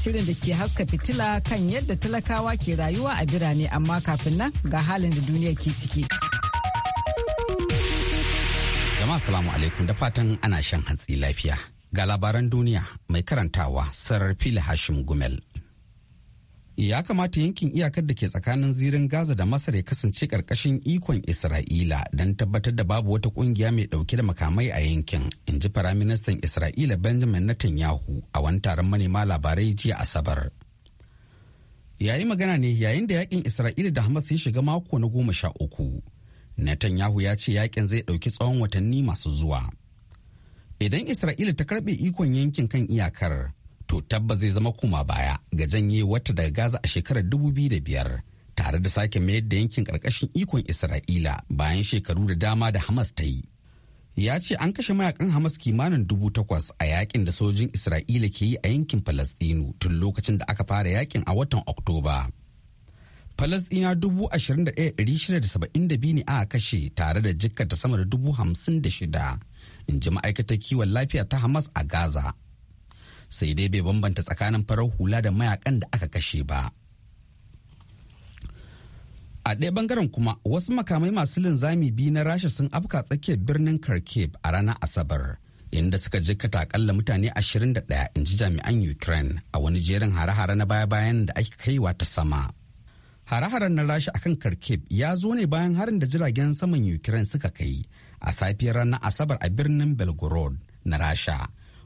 shirin da ke haska fitila kan yadda talakawa ke rayuwa a birane amma kafin nan ga halin da duniya ke ciki. Jama'a salamu alaikum da fatan ana shan hantsi lafiya. Ga labaran duniya mai karantawa sarar fili Hashim Gumel. ya kamata yankin iyakar da ke tsakanin zirin gaza da masar ya kasance karkashin ikon isra'ila don tabbatar da babu wata ƙungiya mai ɗauke da makamai a yankin in ji firaministan isra'ila benjamin netanyahu a wani taron manema labarai jiya asabar yayi magana ne yayin da yakin isra'ila da hamas ya shiga mako na goma sha uku netanyahu ya ce yakin zai ɗauki tsawon watanni masu zuwa idan isra'ila ta karbe ikon yankin kan iyakar to tabbas zai zama kuma baya ga janye wata daga Gaza a shekarar biyar tare da sake mayar da yankin karkashin ikon Isra'ila bayan shekaru da dama da Hamas ta yi. Ya ce an kashe mayakan Hamas kimanin dubu takwas a yakin da sojin Isra'ila ke yi a yankin Falastinu tun lokacin da aka fara yakin a watan Oktoba. Falastina dubu ashirin da ɗaya shida da saba'in da biyu ne aka kashe tare da jikkata sama da dubu hamsin da shida in ji ma'aikatar kiwon lafiya ta Hamas a Gaza. sai dai bai bambanta tsakanin farar hula da mayakan da aka kashe ba a ɗaya bangaren kuma wasu makamai masu linzami biyu na rasha sun afka tsakiyar birnin kharkiv a ranar asabar inda suka je ka takalla mutane 21 in ji jami'an ukraine a wani jerin hare-hare na baya-bayan da ake kaiwa ta sama hare-haren na rasha akan kharkiv ya zo ne bayan harin da jiragen saman ukraine suka kai a safiyar ranar asabar a birnin belgorod na rasha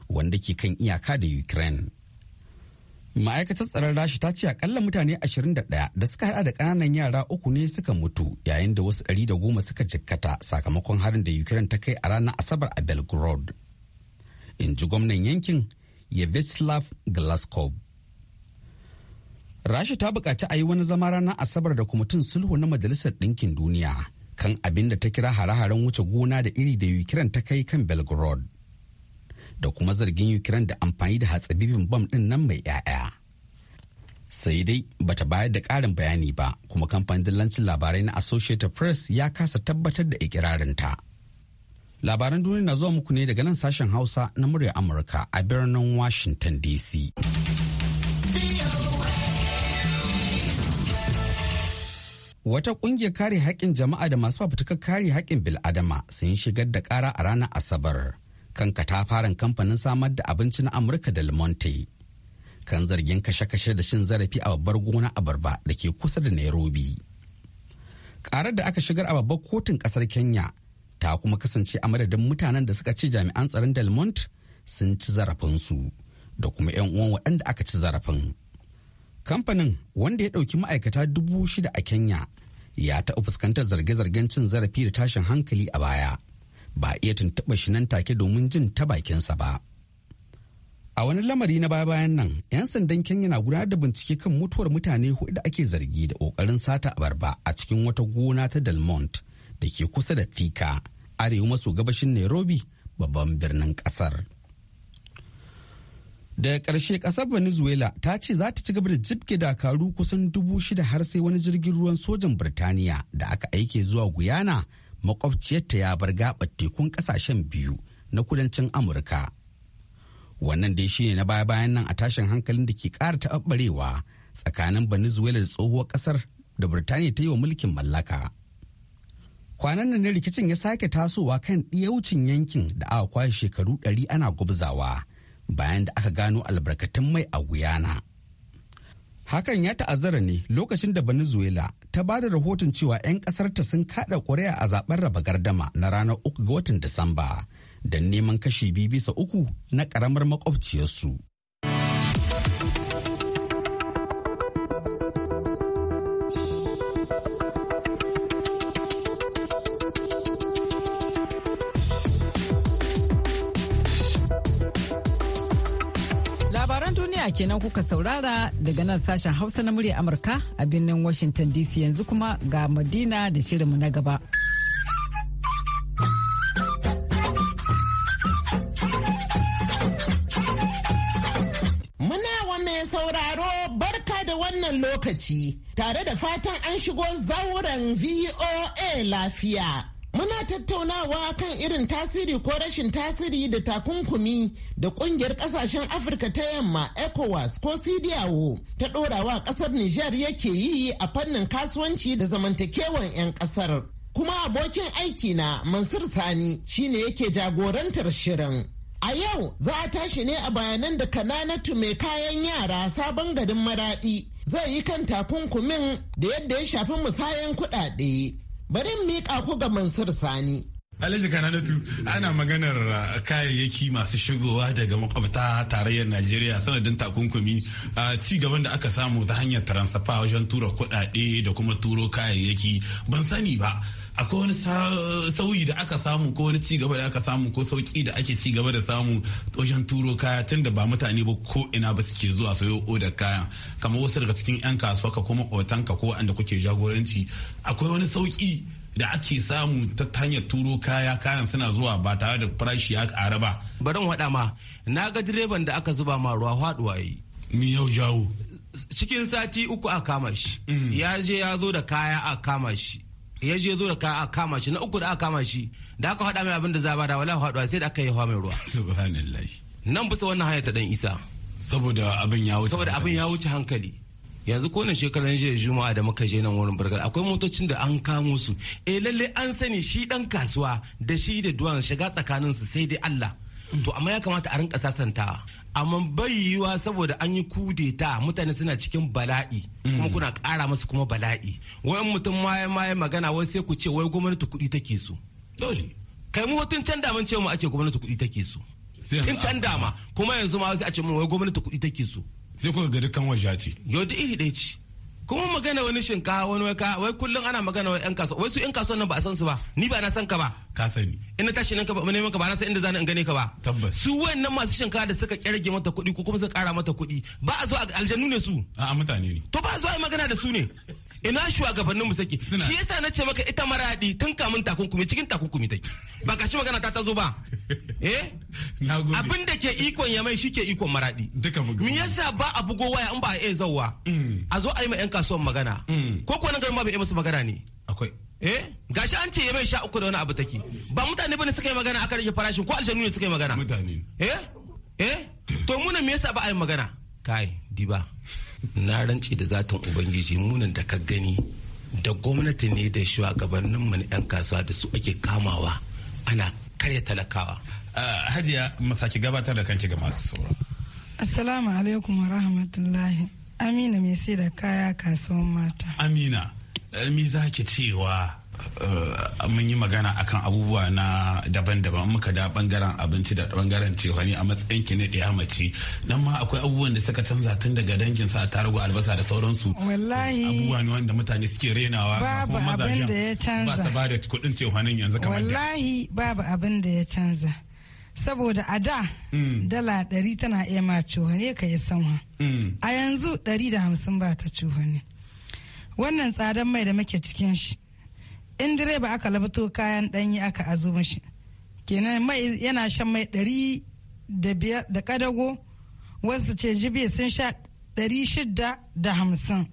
wanda ke kan iyaka da Ukraine. Ma'aikatar tsaron rashi ta ce akalla mutane 21 da suka hada da ƙananan yara uku ne suka mutu yayin da wasu 110 suka jikkata sakamakon harin da Ukraine ta kai a ranar Asabar a belgrade. In ji gwamnan yankin Yavislav Glasgow. rashi ta bukaci a yi wani zama ranar Asabar da kwamitin sulhu na Majalisar Ɗinkin Duniya kan abin da ta kira hare-haren wuce gona da iri da Ukraine ta kai kan belgrade. da kuma zargin Ukraine da amfani da hatsabibin bam ɗin nan mai 'ya'ya. Sai dai bata bayar da ƙarin bayani ba kuma kamfanin dillancin labarai na Associated Press ya kasa tabbatar da ikirarinta. Labaran duniya na zuwa muku ne daga nan sashen Hausa na murya Amurka a birnin Washington DC. Wata ƙungiyar kare haƙƙin jama'a da masu fafutukar kare haƙƙin bil'adama sun shigar da ƙara a ranar Asabar. kan fara kamfanin samar da abinci na amurka da monte kan zargin kashe-kashe da shin zarafi a babbar gona abarba da ke kusa da nairobi karar da aka shigar a babbar kotun ƙasar kenya ta kuma kasance a madadin mutanen da suka ci jami'an tsaron del sun ci zarafinsu da kuma 'yan uwan waɗanda aka ci zarafin kamfanin wanda ya ɗauki ma'aikata dubu shida a kenya ya taɓa fuskantar zarge-zargen cin zarafi da tashin hankali a baya ba iya tuntuɓa shi nan take domin jin ta bakinsa ba. A wani lamari na baya-bayan nan, 'yan sandan Kenya na gudanar da bincike kan mutuwar mutane hudu da ake zargi da ƙoƙarin sata abarba a cikin wata gona ta Delmont da ke kusa da Thika, arewa maso gabashin Nairobi, babban birnin ƙasar. daga ƙarshe ƙasar venezuela ta ce za ta ci gaba da jibge dakaru kusan dubu shida har sai wani jirgin ruwan sojan birtaniya da aka aike zuwa guyana makwabciyarta ya bar gaɓar tekun ƙasashen biyu na kudancin amurka wannan dai shine na baya bayan nan a tashin hankalin da ke ƙara taɓaɓarewa tsakanin venezuela da tsohuwar ƙasar da birtaniya ta yi wa mulkin mallaka kwanan nan ne rikicin ya sake tasowa kan ɗiyaucin yankin da aka kwashe shekaru ɗari ana gubzawa bayan da aka gano albarkatun mai a guyana Hakan ya ta'azzara ne lokacin da Venezuela ta ba da rahoton cewa 'yan ƙasarta sun kaɗa ƙuri'a a zaben raba gardama na ranar uku ga watan Disamba da neman kashi biyu bisa uku na ƙaramar makwabciyarsu. kenan kuka saurara daga nan sashen Hausa na murya Amurka a birnin Washington DC yanzu kuma ga Madina da shirinmu na gaba. muna sauraro barka da wannan lokaci tare da fatan an shigo zauren VOA lafiya. Muna tattaunawa kan irin tasiri ko rashin tasiri da takunkumi da kungiyar kasashen Afirka ta yamma ECOWAS ko CDAO ta ɗorawa ƙasar Nijar yake yi a fannin kasuwanci da zamantakewan 'yan ƙasar. Kuma abokin aiki na Mansur Sani shine yake jagorantar shirin. A yau za a tashi ne a bayanan da kananatu mai kayan yara sabon garin maraɗi zai yi kan takunkumin da yadda ya shafi musayan kuɗaɗe. Bari miƙa ku ga Mansur Sani. Alhaji Kananatu ana maganar uh, kayayyaki masu shigowa daga makwabta tarayyar Najeriya sanadin takunkumi a uh, ci gaban da aka samu ta hanyar taransafa wajen tura kuɗaɗe da kuma turo kayayyaki ban sani ba. akwai wani sauyi da aka samu ko wani cigaba da aka samu ko sauki da ake cigaba da samu wajen turo kaya tun da ba mutane ba ko ina ba suke zuwa sayo odar kaya kamar wasu daga cikin 'yan kasuwa ka kuma otanka ko wanda kuke jagoranci akwai wani sauki da ake samu ta hanyar turo kaya kayan suna zuwa ba tare da farashi ya ƙara ba. Barin waɗa ma, na ga direban da aka zuba ma ruwa faɗuwa yi. Ni yau jawo. Cikin sati uku a kama mm. Ya je ya zo da kaya a kama ya je zo da ka kama shi na uku da aka kama shi da aka haɗa mai abin da za ba da wallahi haɗuwa sai da aka yi mai ruwa subhanallah nan bisa wannan hanya ta dan isa saboda abin ya wuce saboda abin ya wuce hankali yanzu ko nan shekaran jiya juma'a da muka je nan wurin burgal akwai motocin da an kamo su eh lalle an sani shi dan kasuwa da shi da duwan shiga tsakanin su sai dai Allah to amma ya kamata a rinka sasantawa amma bai yiwuwa saboda an yi kudeta mutane suna cikin bala'i kuma kuna ƙara masu kuma bala'i wayan mutum maye maye magana wai sai ku ce wai gwamnati kuɗi take so dole kai mu hutun can daman ce mu ake gwamnati kuɗi take so tun can dama kuma yanzu ma wasu a ce mu wai gwamnati kuɗi take so sai kuka ga dukkan wajaci yau da iri ɗaya ce kuma magana wani shinkawa wani waka wai kullum ana magana wa 'yan kasuwa wai su 'yan kasuwa nan ba a san su ba ni ba na san ka ba ka sani ina tashi nan ka ba neman ka ba na san inda zan gane ka ba tabbas su wayannan masu shinkawa da suka kirge mata kuɗi ko kuma suka kara mata kuɗi ba a zo aljanu ne su a mutane ne to ba a zo a magana da su ne ina shugabanninmu sake shi yasa na ce maka ita maradi tun kamun takunkumi cikin takunkumi take ba ka shi magana ta ta zo ba eh abin da ke ikon mai shi ke ikon maradi me yasa ba a bugo waya in ba a iya zauwa mm. a zo a yi ma yan kasuwan magana mm. ko ko nan garin ba bai musu magana ne akwai eh gashi an ce ya mai sha uku da wani abu take ba mutane bane suka yi magana akan rage farashin ko aljanu ne suka yi magana mutane eh eh to muna me yasa ba a yi magana kai diba na rance da zatin ubangiji munan da ka gani da gwamnati ne da shugabannin mu na 'yan kasuwa da su ake kamawa ana karya talakawa ah, hajiya masaki gabatar da kanki ga masu sauraro assalamu alaikum wa rahmatullahi amina mai sai da kaya kasuwan mata amina eh, me za cewa Eh, mun yi magana akan abubuwa na daban-daban muka da bangaren abinci da bangaren cefani a matsayin ki ne ɗaya mace nan ma akwai abubuwan da suka canza tun daga dangin sa ta tarugu albasa da sauransu wallahi abubuwa ne wanda mutane suke renawa babu abin da ya canza ba su ba da kuɗin cefanin yanzu kamar wallahi babu abin da ya canza saboda a da mm. dala ɗari tana iya ma cuhane ka yi sanwa mm. a yanzu ɗari da hamsin ba ta cuhane wannan tsadar mai da muke cikin shi in direba aka labato kayan danyi aka azo mashi kenan mai yana shan mai ɗari da biyar da kadago wasu ce jibe sun sha ɗari shida da hamsin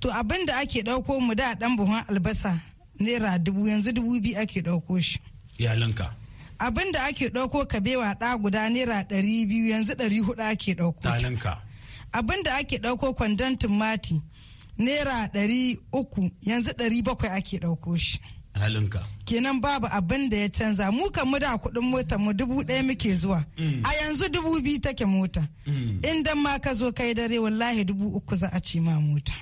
to abin da ake ɗauko mu da ɗan buhun albasa naira dubu yanzu dubu biyu ake ɗauko shi Iyalinka. abin da ake ɗauko kabewa ɗa guda naira ɗari biyu yanzu ɗari hudu ake ɗauko talanka abin da ake ɗauko kwandon tumati naira ɗari uku yanzu ɗari bakwai ake ɗauko shi. halinka. Kenan babu abin da ya canza mu kan mu da kuɗin mota mu dubu ɗaya muke zuwa. Mm. A yanzu dubu biyu take mota. Mm. In dan ma ka zo kai dare wallahi dubu uku za a ci ma mota.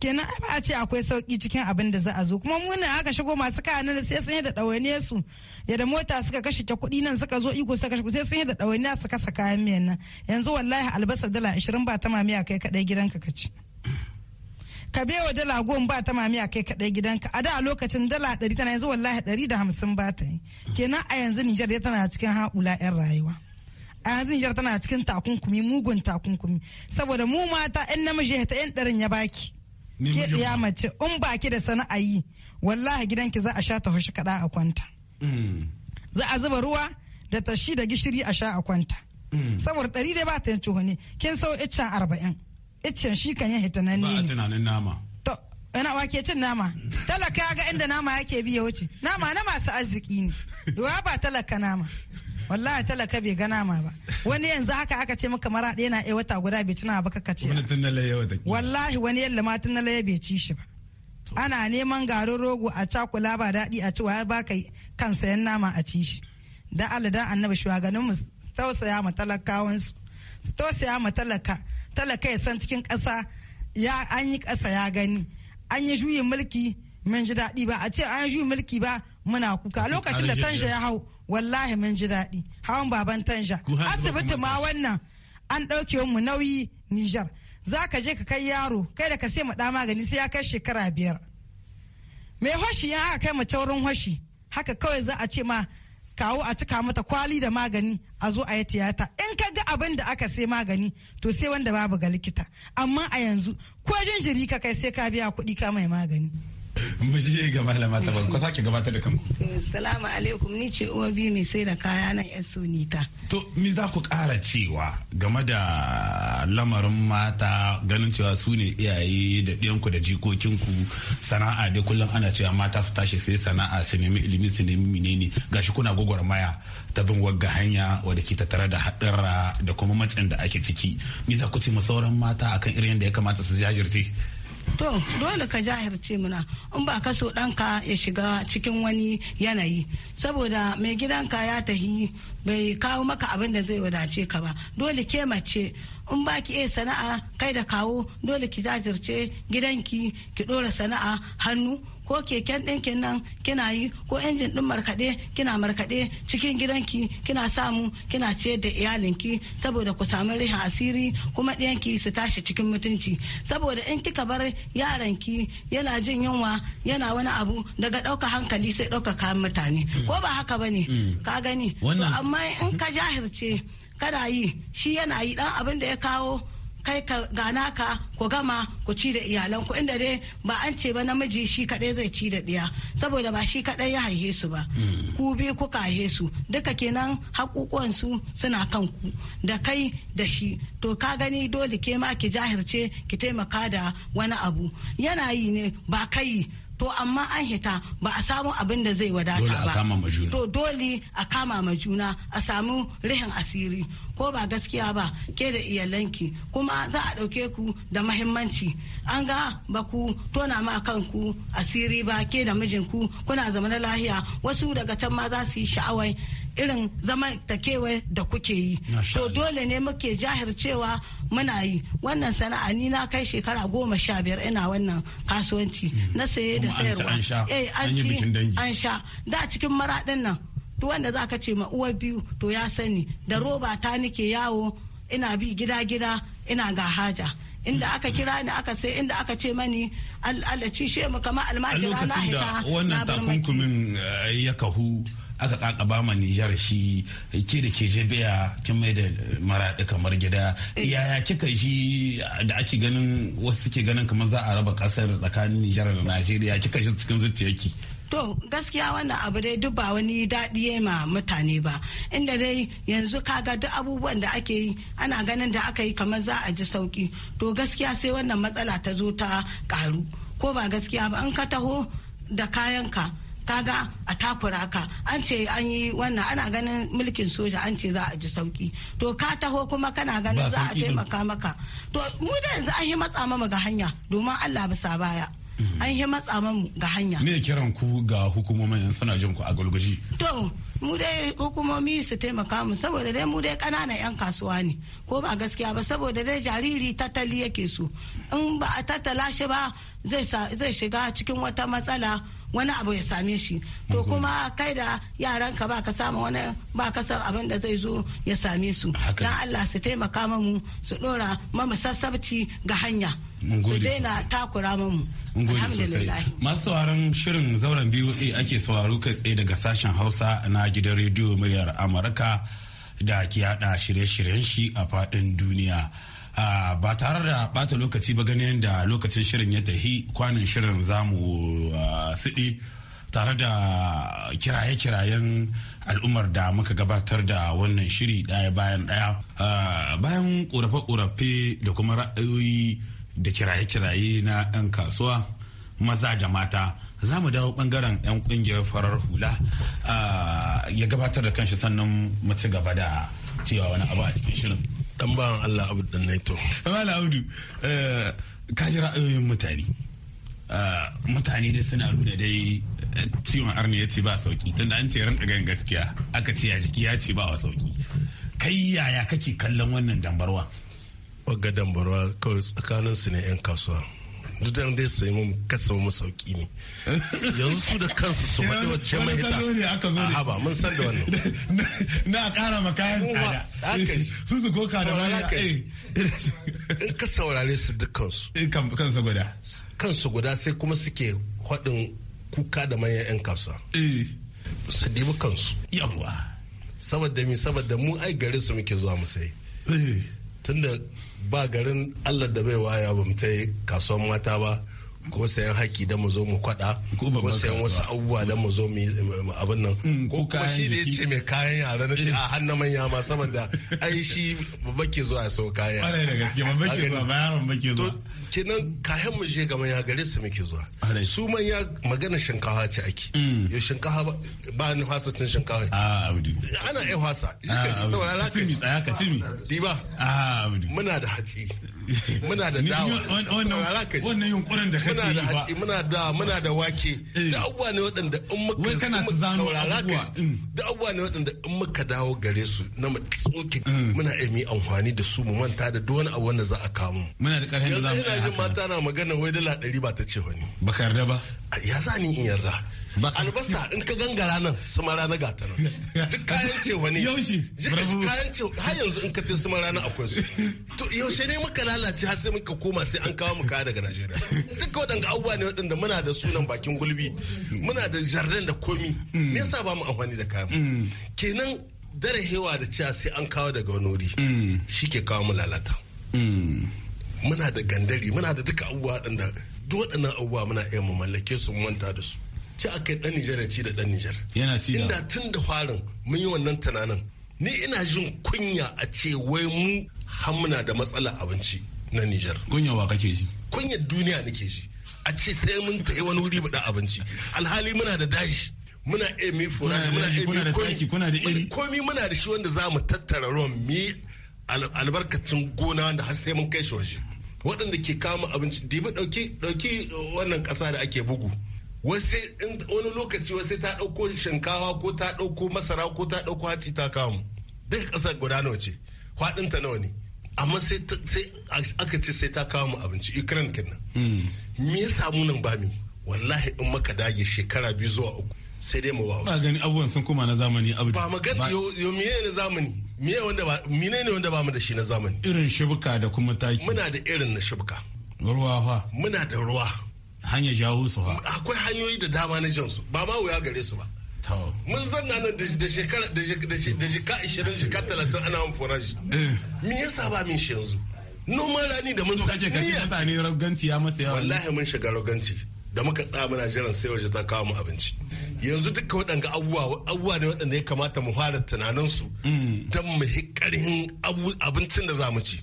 kenan ai ba a ce akwai sauki cikin abin da za a zo kuma mu ne aka shigo masu kaya sai sun yi da ɗawainiya su ya da mota suka kashe ta kuɗi nan suka zo iko suka kashe sai sun yi da ɗawainiya su kasa kayan miyan nan yanzu wallahi albasa dala ashirin ba ta mamiya kai kaɗai gidanka ka ci. ka bewa dala goma ba ta mami a kai kaɗai gidanka a da lokacin dala ɗari tana yanzu wallahi ɗari da hamsin ba ta yi kenan a yanzu nijar tana cikin haƙula 'yan rayuwa a yanzu nijar tana cikin takunkumi mugun takunkumi saboda mu mata 'yan namiji ta 'yan ɗarin ya baki ke ɗaya mace in baki da sana'a yi wallahi gidanki za a sha ta hoshi kaɗa a kwanta mm. za a zuba ruwa da tashi da gishiri a sha a kwanta mm. saboda ɗari dai ba ta yin ne kin sau iccen arba'in iccen shi kan yin hitananne ne ba a tunanin nama to ina wake cin nama talaka ga inda nama yake bi ya wuce nama na masu arziki ne ruwa ba talaka nama wallahi talaka bai ga nama ba wani yanzu haka aka ce maka mara ɗaya na ɗaya wata guda bai ci nama ba kaka ce wallahi wani yalla ma tun laye bai ci shi ba ana neman garin rogo a cakula ba daɗi a ci waye baka kan sayan nama a ci shi da Allah da annabi shugabannin mu tausaya ma talakawansu tausaya ma talaka talaka ya san cikin kasa ya an yi ƙasa ya gani an yi juyin mulki mun ji daɗi ba a ce an juyin mulki ba muna kuka lokacin da tanja ya hau wallahi mun ji daɗi hawan baban tanja asibiti ma wannan an ɗauke mu nauyi nijar za ka je ka kai yaro kai da ka sai mu ɗa magani sai ya kai shekara biyar mai hoshi ya aka kai mu taurin hoshi haka kawai za a ce ma kawo a cika mata kwali da magani a zo a yi tiyata in ka ga abin da aka sai magani to sai wanda babu ga likita amma a yanzu ko jinjiri ka kai sai ka biya kuɗi ka mai magani yi gaba da mata ta Kwasa ki gabatar da kanku Salamu alaikum ni ce uwa biyu mai sai da kaya nan yan sunita to mi za ku ƙara cewa game da lamarin mata ganin cewa su ne iyaye da ɗiyanku da jikokinku sana'a dai kullum ana cewa mata su tashi sai sana'a su nemi ilimi su nemi menene gashi kuna gwagwarmaya ta bin wagga hanya wadda ke tattare da haɗarra da kuma matsin da ake ciki Mi za ku ce ma sauran mata akan irin da ya kamata su jajirce to dole ka jahirce muna in ba ka so ɗanka ya shiga cikin wani yanayi saboda mai gidanka ya tahi bai kawo maka abin da zai wadace ka ba dole ke mace in ba ki iya sana'a kai da kawo dole ki jajirce gidanki ki dora sana'a hannu ko keken ɗinkin nan kina yi ko injin ɗin markaɗe kina markaɗe cikin gidanki kina samu kina ciyar da iyalinki saboda ku samu rihin asiri kuma ɗiyanki su tashi cikin mutunci saboda in kika bar yaranki yana jin yunwa yana wani abu daga ɗauka hankali sai ɗauka kayan mutane ko ba haka ba ne mm. ka gani amma in ka jahirce kada yi shi yana yi dan abin da ya kawo kai ka gana ka ku gama ku ci da iyalan ku inda dai ba an ce ba namiji shi kadai zai ci da diya saboda ba shi kadai ya haihe su ba mm. ku bi ku haihe su duka kenan hakukuwan su suna kan ku da kai da shi to ka gani dole ke ma ki jahirce ki taimaka da wani abu yana yi ne ba kai to amma an hita ba a samu abin da zai wadata ba to dole a kama ma juna a samu rihin asiri ko ba gaskiya ba ke da iyalanki kuma za a ɗauke ku da mahimmanci an ga ba ku tona ma kanku asiri ba ke da mijinku kuna zama na lahiya wasu daga can ma za su yi sha'awai irin zamantakewa da kuke yi to dole ne muke jahircewa muna yi wannan sana'a ni na kai shekara goma sha biyar ina wannan kasuwanci hmm. na saye da sayarwa eh an sha da cikin maraɗin nan To wanda za ka ce ma uwar biyu to ya sani da roba ta nike yawo ina bi gida gida ina ga haja inda aka hmm. kira ni aka sai inda aka ce mani Allah ci mu kamar almajira na hita na barmaki. wannan takunkumin eh, ya kahu aka kakaba ma Nijar shi ke da ke biya kin mai da maraɗi kamar gida eh. yaya kika shi da ake ganin wasu suke ganin kamar za a raba kasar tsakanin Nijar da Najeriya kika shi cikin zuciyarki To gaskiya wannan abu dai duk ba wani daɗi ma mutane ba inda dai yanzu kaga duk abubuwan da ake yi ana ganin da aka yi kamar za a ji sauki to gaskiya sai wannan matsala ta zo ta karu ko ba gaskiya ba in ka taho da kayanka kaga a takura ka an ce an yi wannan ana ganin mulkin soja an ce za a ji sauki to ka taho kuma kana ganin za a taimaka maka to mu da yanzu an yi matsa mamu ga hanya domin Allah bisa baya mm-hmm. an yi matsa mamu ga hanya. Me kiran ku ga hukumomin yan suna jin ku a gulguji? To, mu dai hukumomi su taimaka mu saboda dai mu dai kananan 'yan kasuwa ne ko ba gaskiya ba saboda dai jariri tattali yake so in ba a tattala shi ba zai shiga cikin wata matsala wani abu ya same shi to mhm. kuma kai da yaranka ba ka samu wani ba ka san abin da zai zo ya same su dan Allah su taimaka mu su dora mamu sassabci ga hanya su daina takura mamu masu sauraron shirin zauren biyu ake sauraro kai tsaye daga sashen Hausa na gidan rediyo muryar Amurka da ke yada shirye-shiryen shi a faɗin duniya. Ah, ba tare da bata lokaci ba ganin da lokacin shirin ya tahi kwanan shirin zamu ah, siɗi tare da kiraye-kirayen al'ummar da muka gabatar da wannan shiri ɗaya bayan ɗaya ah, bayan ƙorafe-ƙorafe da kuma ra'ayoyi da kiraye-kiraye na 'yan kasuwa maza da mata za mu dawo ɓangaren 'yan ƙungiyar farar hula ya gabatar da kanshi sannan mu ci gaba da cewa wani abu a cikin shirin. dan bawan Allah Abu dan Naito Malam Abdu eh, ka ji ra'ayoyin mutane eh, mutane da suna nuna dai eh, ciwon arni ya ce ba sauki tunda an ce ran gan gaskiya aka ce ya jiki ya ce ba wa sauki kai yaya kake kallon wannan dambarwa wagga dambarwa kawai tsakaninsu ne 'yan kasuwa duk da dai sai mu kasa mu sauki ne yanzu su da kansu su faɗi wacce mai hita a ba mun san da wannan na ƙara ma kayan tsada su su koka da wani eh. in ka saurare su duk kansu eh, kansu guda kansu guda sai kuma suke haɗin kuka da manyan 'yan kasuwa eh. su dibi kansu yawa saboda mi saboda mu ai gare su muke zuwa mu sai tunda ba garin allah da bai waya ba mu ta kasuwan mata ba ko sayan haƙi da mu zo mu kwaɗa ko sayan wasu abubuwa da mu zo mu abin nan mm, ko kuma shi ne ce mai kayan yara na ce a hannun manya ma saboda ai shi babba ke zuwa sau kayan ƙwarai da gaske babba ke zuwa ba yaron ba ke zuwa kenan kayan mu je ga manya gare su muke zuwa su manya magana shinkafa ce ake mm. ya shinkafa ba ni hasa cin shinkafa ah, ana ai hasa shi ka ji ah, saurara ka ci ka ci ba a ah, abudu muna da hatsi muna da dawa wannan yunkurin da kake yi ba muna da hatsi muna da muna da wake eh. da abuwa ne waɗanda in muka kana saurara ka mm. da abuwa ne waɗanda in muka dawo gare su na mu tsoke mm. muna iya mu amfani da su mu manta da duk wani abu wanda za a kawo muna da karhin da za mu yanzu ina jin mata na magana wai dala 100 ba ta ce wani ba ka yarda ba ya za ni in yarda albasa in ka gangara nan suma na gata nan duk kayan cewa ne yaushe kayan cewa har yanzu in ka tin sumara na akwai su to yaushe ne muka lalace har sai muka koma sai an kawo mu kaya daga Najeriya duk waɗanda abubuwa ne waɗanda muna da sunan bakin gulbi muna da jardin da komi mm. me yasa ba mu amfani da kayan mm. kenan dare hewa da cewa sai an kawo daga wani wuri mm. shi ke kawo mu lalata muna da gandari muna da duka abubuwa waɗanda duk waɗannan abubuwa muna iya mu mallake su manta da su ci a kai dan Nijar ya ci da dan Nijar. Yana ci da. Inda tun da farin mun yi wannan tunanin. Ni ina jin kunya a ce wai mu hamuna da matsala abinci na Nijar. Kunya wa kake ji? Kunya duniya nake ji. A ce sai mun yi wani wuri da abinci. Alhali muna da dashi. Muna emi mi furashi, muna emi komi. Kuna da iri. Komi muna da shi wanda za mu tattara ruwan mi albarkacin gona wanda har sai mun kai shi waje. Waɗanda ke kama abinci, dibi ɗauki wannan ƙasa da ake bugu. wasu wani lokaci wasu ta ɗauko shinkawa ko ta ɗauko masara ko ta ɗauko haci ta kamu duka ƙasar guda nawa ce faɗinta nawa ne amma sai aka ce sai ta kawo mu abinci ukraine kenan hmm. me ya samu nan ba mi wallahi in maka dage shekara biyu zuwa uku sai dai mu ba ba gani abubuwan sun koma na zamani abu ba magana yo me ne na zamani me wanda ba mine ne wanda ba mu da shi na zamani irin shibuka da kuma taki muna da irin na shibuka. ruwa fa muna da ruwa hanyar jawo su ba akwai hanyoyi da dama na jan su ba ma wuya gare su ba mun zanna nan da shekara da shekara da shekara talatin ana yin foraji eh. me yasa ba min shi yanzu noman rani da mun sa kake kace mutane roganci ya masa yawa wallahi mun shiga roganci da muka tsaya muna jiran sai waje ta kawo mu abinci yanzu duka waɗanda abubuwa abubuwa ne waɗanda ya kamata mu fara tunanin su mm. don mu hi ƙarhin abincin da za mu ci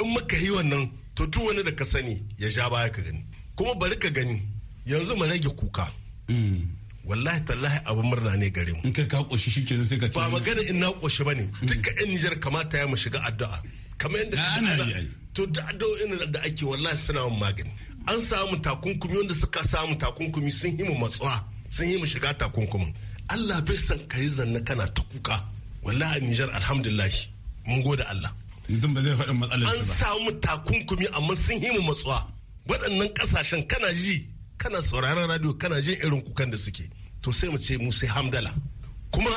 in muka yi wannan to tu wani da ka sani ya sha baya ka gani kuma bari ka gani yanzu mu rage kuka mm. wallahi tallahi abin murna ne gare mu in kai ka koshi shikenan sai ka ce ba magana in na koshi bane mm. duka yan Nijar kamata ya mu shiga addu'a kamar yadda ana to da addu'o'in da ake wallahi suna magani an samu takunkumi wanda suka samu takunkumi sun yi mu matsuwa sun yi mu shiga takunkumin Allah bai san ka yi zanna kana ta kuka wallahi Nijar alhamdulillah mun gode Allah mutum ba zai faɗin matsalar an samu takunkumi amma sun yi mu matsuwa waɗannan ƙasashen kana ji kana sauraron radio kana jin irin kukan da suke to sai mu ce mu sai hamdala kuma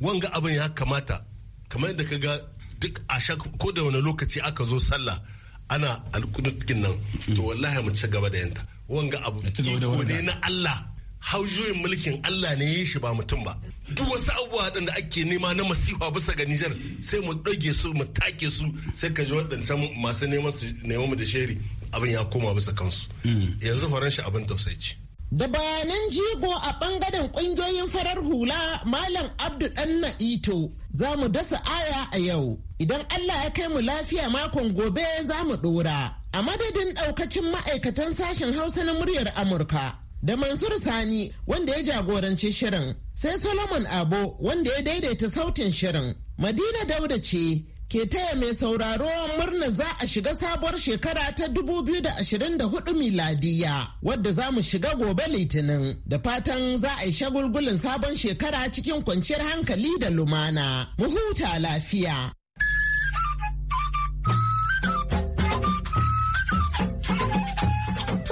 wanga abin ya kamata kamar yadda ka ga duk a ko da wani lokaci aka zo sallah ana alkunukin nan to wallahi mu ci gaba da yanta wanga abu ne na Allah haujoyin mulkin Allah ne ya shi ba mutum ba duk wasu abubuwa da ake nema na masifa bisa ga Nijar sai mu ɗage su mu take su sai ka ji waɗancan masu neman su neman mu da sheri abin ya koma bisa kansu yanzu horon shi abin tausayi ce Da bayanan jigo a bangaren kungiyoyin farar hula Malam Abdu Danna Ito za mu dasa aya a yau. Idan Allah ya kai mu lafiya makon gobe za mu ɗora. A madadin ɗaukacin ma'aikatan sashen Hausa na muryar Amurka. da Mansur Sani wanda ya jagoranci shirin sai Solomon Abo wanda ya daidaita sautin shirin. Madina Dauda ce ke taya mai sauraro murna za a shiga sabuwar shekara ta 2024 miladiya wadda za mu shiga gobe litinin da fatan za a yi shagulgulin sabon shekara cikin kwanciyar hankali da lumana. Mu huta lafiya.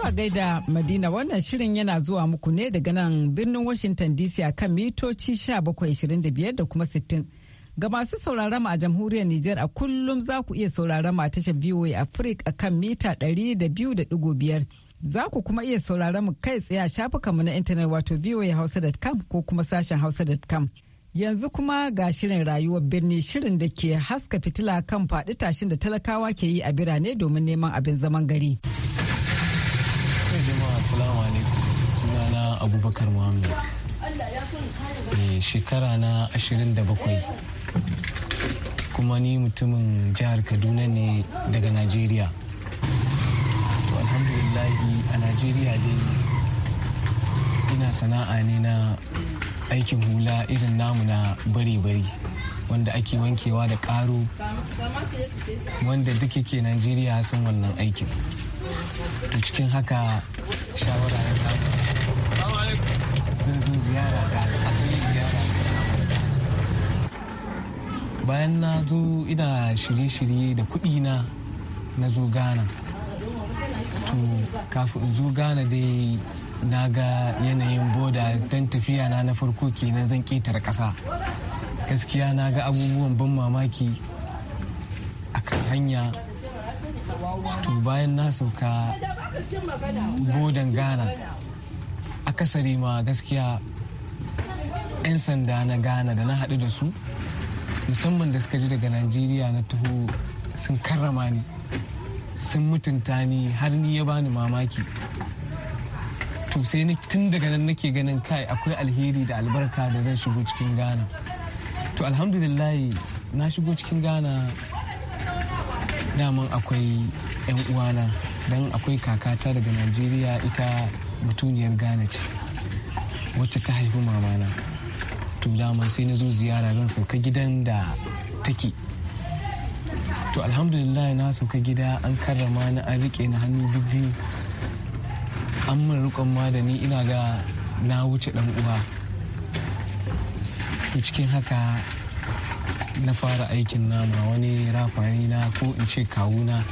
a gaida Madina wannan shirin yana zuwa muku ne daga nan birnin Washington DC a kan mitoci 1725 da kuma 60. Ga masu sauraron mu a jamhuriyar niger a kullum za ku iya sauraron mu a tashar VOA Africa kan mita 200.5. Za ku kuma iya sauraron mu kai tsaye a mu na intanet wato voahausa.com ko kuma sashen hausa.com. Yanzu kuma ga shirin rayuwar birni shirin da ke haska fitila kan faɗi tashin da talakawa ke yi a birane domin neman abin zaman gari. Assalamu alaikum. Sunana Abubakar Muhammad. Eh, shekara na 27 kuma ni mutumin jihar Kaduna ne daga Najeriya. To alhamdulillahi a Najeriya dai ina sana'a ne na aikin hula irin namu na bari-bari wanda ake wankewa da karo wanda duk ke Najeriya sun wannan aikin. to cikin haka shawara ya taso zan zo ziyara ga asalin ziyara bayan na zo ina shirye-shirye da kuɗi na na zo ghana to kafin zo ghana dai na ga yanayin boda don tafiya na na farko kenan zan ƙetare ƙasa gaskiya na ga abubuwan ban mamaki a kan hanya to bayan na sauka bodan ghana akasari ma gaskiya 'yan sanda na ghana da na haɗu da su musamman da suka ji daga najeriya na taho sun karrama ni sun mutunta ni har ni ya bani mamaki to sai tun daga nan nake ganin kai akwai alheri da albarka da zan shigo cikin ghana to alhamdulillah na shigo cikin ghana daman akwai 'yan uwana don akwai kakata daga najeriya ita mutuniyar ghana ce wacce ta haifi mamana to daman sai na zo ziyara zan sauka gidan da take to alhamdulillah na sauka gida an karrama na an rike na hannu biyu an min rikon ma da ni ina ga na wuce dan uwa to cikin haka na fara aikin nama wani rafani na ko in ce kawuna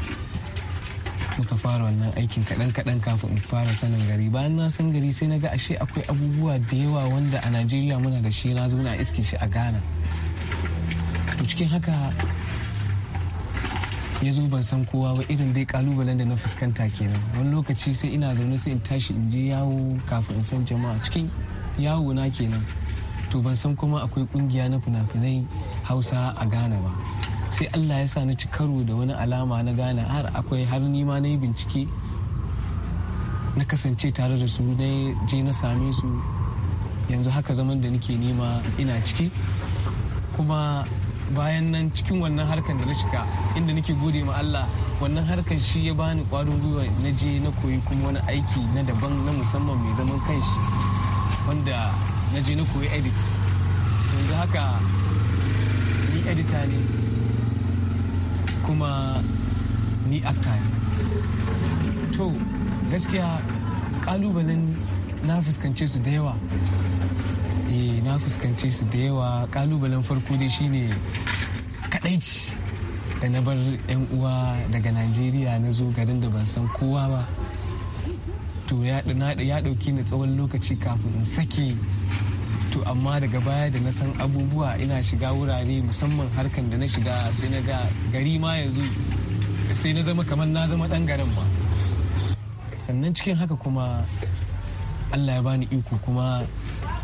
muka fara wannan aikin kaɗan kaɗan kafin in fara sanin gari bayan na san gari sai na ga ashe akwai abubuwa da yawa wanda a najeriya muna da shi na zo na iske shi a ghana to cikin haka ya zo ban san kowa ba irin dai kalubalen da na fuskanta kenan wani lokaci sai ina zaune sai in tashi in je yawo kafin in san jama'a cikin yawo na kenan to ban san kuma akwai kungiya na fina-finai hausa a ghana ba sai allah ya sa na ci karo da wani alama na ghana har akwai har nima na yi bincike na kasance tare da su na je na same su yanzu haka zaman da nake nema ina ciki kuma bayan nan cikin wannan harkar da na shiga inda nake gode ma Allah wannan harkar shi ya bani kwarin gwiwa na je na koyi kuma wani aiki na daban na musamman mai zaman kanshi wanda na je na koyi edit yanzu haka edita ne kuma ni actor ne to gaskiya kalubalen na fuskance su da yawa eh na fuskance su da yawa kalubalen farko dai shine kadaici da na bar 'yan uwa daga najeriya na zo garin da ban san kowa ba to ya ɗauki na tsawon lokaci kafin in sake to amma daga baya da na san abubuwa ina shiga wurare musamman harkan da na shiga sai na ga gari ma yanzu sai na zama kamar na zama dan garin ba. sannan cikin haka kuma allah ya bani iko kuma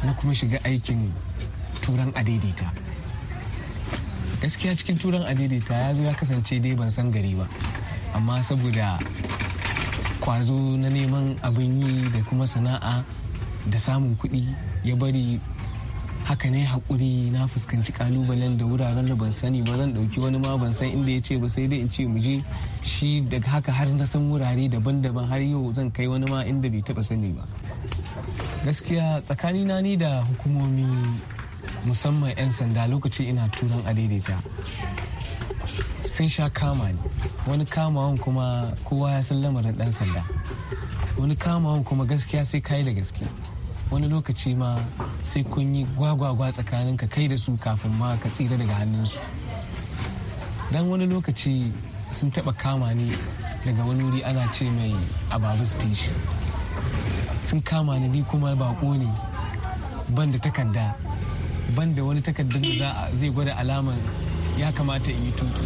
na kuma shiga aikin turan adaidaita gaskiya cikin turan adaidaita ya zo ya kasance dai ban san gari ba amma saboda kwazo na neman abin yi da kuma sana'a da samun kuɗi ya bari haka ne hakuri na fuskanci kalubalen da wuraren da ban sani ba zan ɗauki wani ma ban san inda ya ce ba sai dai in ce mu je shi daga haka har na san wurare daban-daban har yau zan kai wani ma inda bai taɓa sani ba gaskiya tsakanina ni da hukumomi musamman 'yan sanda lokaci ina turan a daidaita sun sha kama ne wani kamawan kuma kowa ya san lamarin dan sanda wani kamawan kuma gaskiya sai kayi da gaske wani lokaci ma sai kun yi gwagwagwa tsakanin ka kai da su kafin ma ka tsira daga hannunsu don wani lokaci sun taba kama ni daga wani wuri ana ce mai ababu station sun kama ni ni kuma bako ne ban da takarda ban da wani takardar da zai gwada alamar ya kamata in yi tuki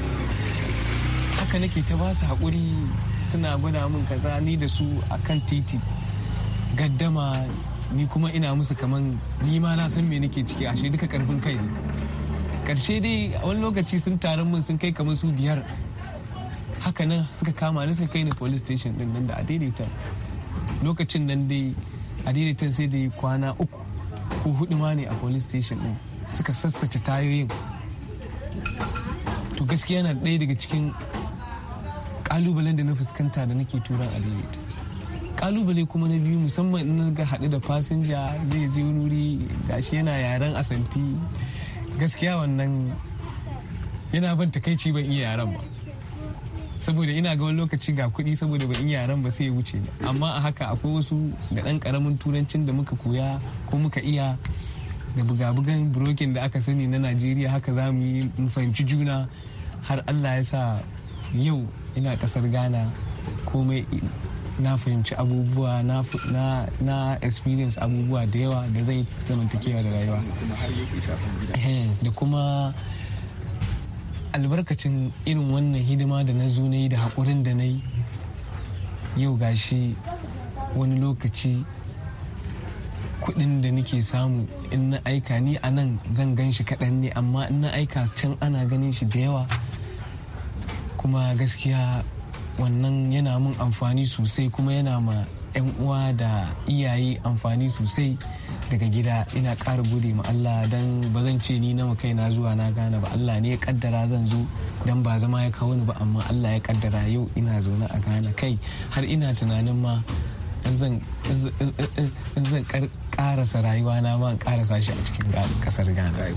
haka nake ta ba su haƙuri suna gwada min kaza ni da su akan titi gaddama ni kuma ina musu kaman ni ma na san me nake ciki ashe duka karfin kai ne karshe dai wani lokaci sun taron mun sun kai kamar su biyar haka nan suka kama ni suka kai ni police station din nan da a daidaita lokacin nan dai a daidaita sai da kwana uku ko hudu ma ne a police station din suka sassace tayoyin to gaskiya na ɗaya daga cikin kalubalen da na fuskanta da nake turan a daidaita kalubale kuma na biyu musamman in ga haɗu da fasinja zai je wuri gashi yana yaren asanti gaskiya wannan yana ban takaici ban iya yaren ba saboda ina ga wani lokaci ga kuɗi saboda ban iya yaren ba sai ya wuce amma a haka akwai wasu da ɗan karamin turancin da muka koya ko muka iya da buga-bugan brokin da aka sani na najeriya haka za mu yi fahimci juna har allah ya sa yau ina kasar ghana komai na fahimci abubuwa na experience abubuwa da yawa da zai zamantakewa da rayuwa da kuma albarkacin irin wannan hidima da na zo na yi da haƙurin da na yi yau gashi wani lokaci kuɗin da nake samu in na aika ni a nan zan gan shi kaɗan ne amma in na aika can ana ganin shi da yawa kuma gaskiya wannan yana mun amfani sosai kuma yana ma 'yan uwa da iyaye amfani sosai daga gida ina ƙara gode ma Allah don ba zan ce ni na kai na zuwa na gane ba Allah ne ya kaddara zan zo don ba zama ya kawo ni ba amma Allah ya kaddara yau ina zaune a gane kai har ina tunanin ma in zan karasa rayuwa na ma karasa shi a cikin kasar gane.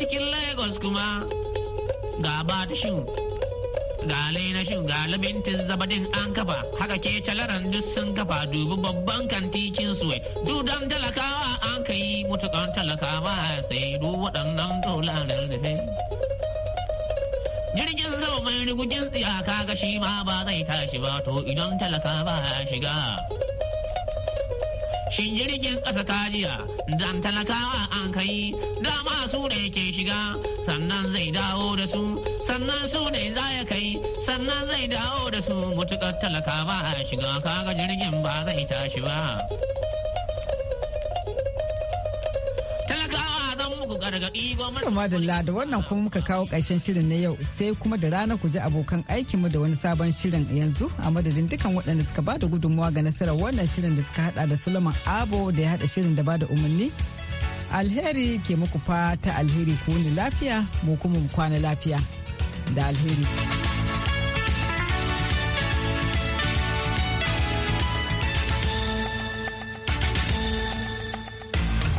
cikin lagos kuma ga batishin ga lainashin ga labintin zabadin an kafa haka ke calaran duk sun kafa dubi babban kantikin su dudan talakawa an kai yi mutukan talakawa sai du waɗannan dolarar da jirgin sama mai rigujin tsiyaka ga shi ma ba zai tashi ba to idan talakawa ya shiga shin jirgin ƙasa jiya dan talakawa an kai dama su ne ke shiga sannan zai dawo da su sannan su ne za ya kai sannan zai dawo da su mutuƙar talaka ba a shiga kaga jirgin ba zai tashi ba. babu da lada wannan kuma muka kawo ƙarshen shirin na yau sai kuma da rana ku ji abokan aikinmu da wani sabon shirin yanzu a madadin dukkan waɗanda suka ba da gudunmawa ga nasarar wannan shirin da suka haɗa da Suleiman Abo da ya haɗa shirin da ba da umarni. Alheri ke muku fata alheri ku wuni lafiya mu kuma mu kwana lafiya da alheri.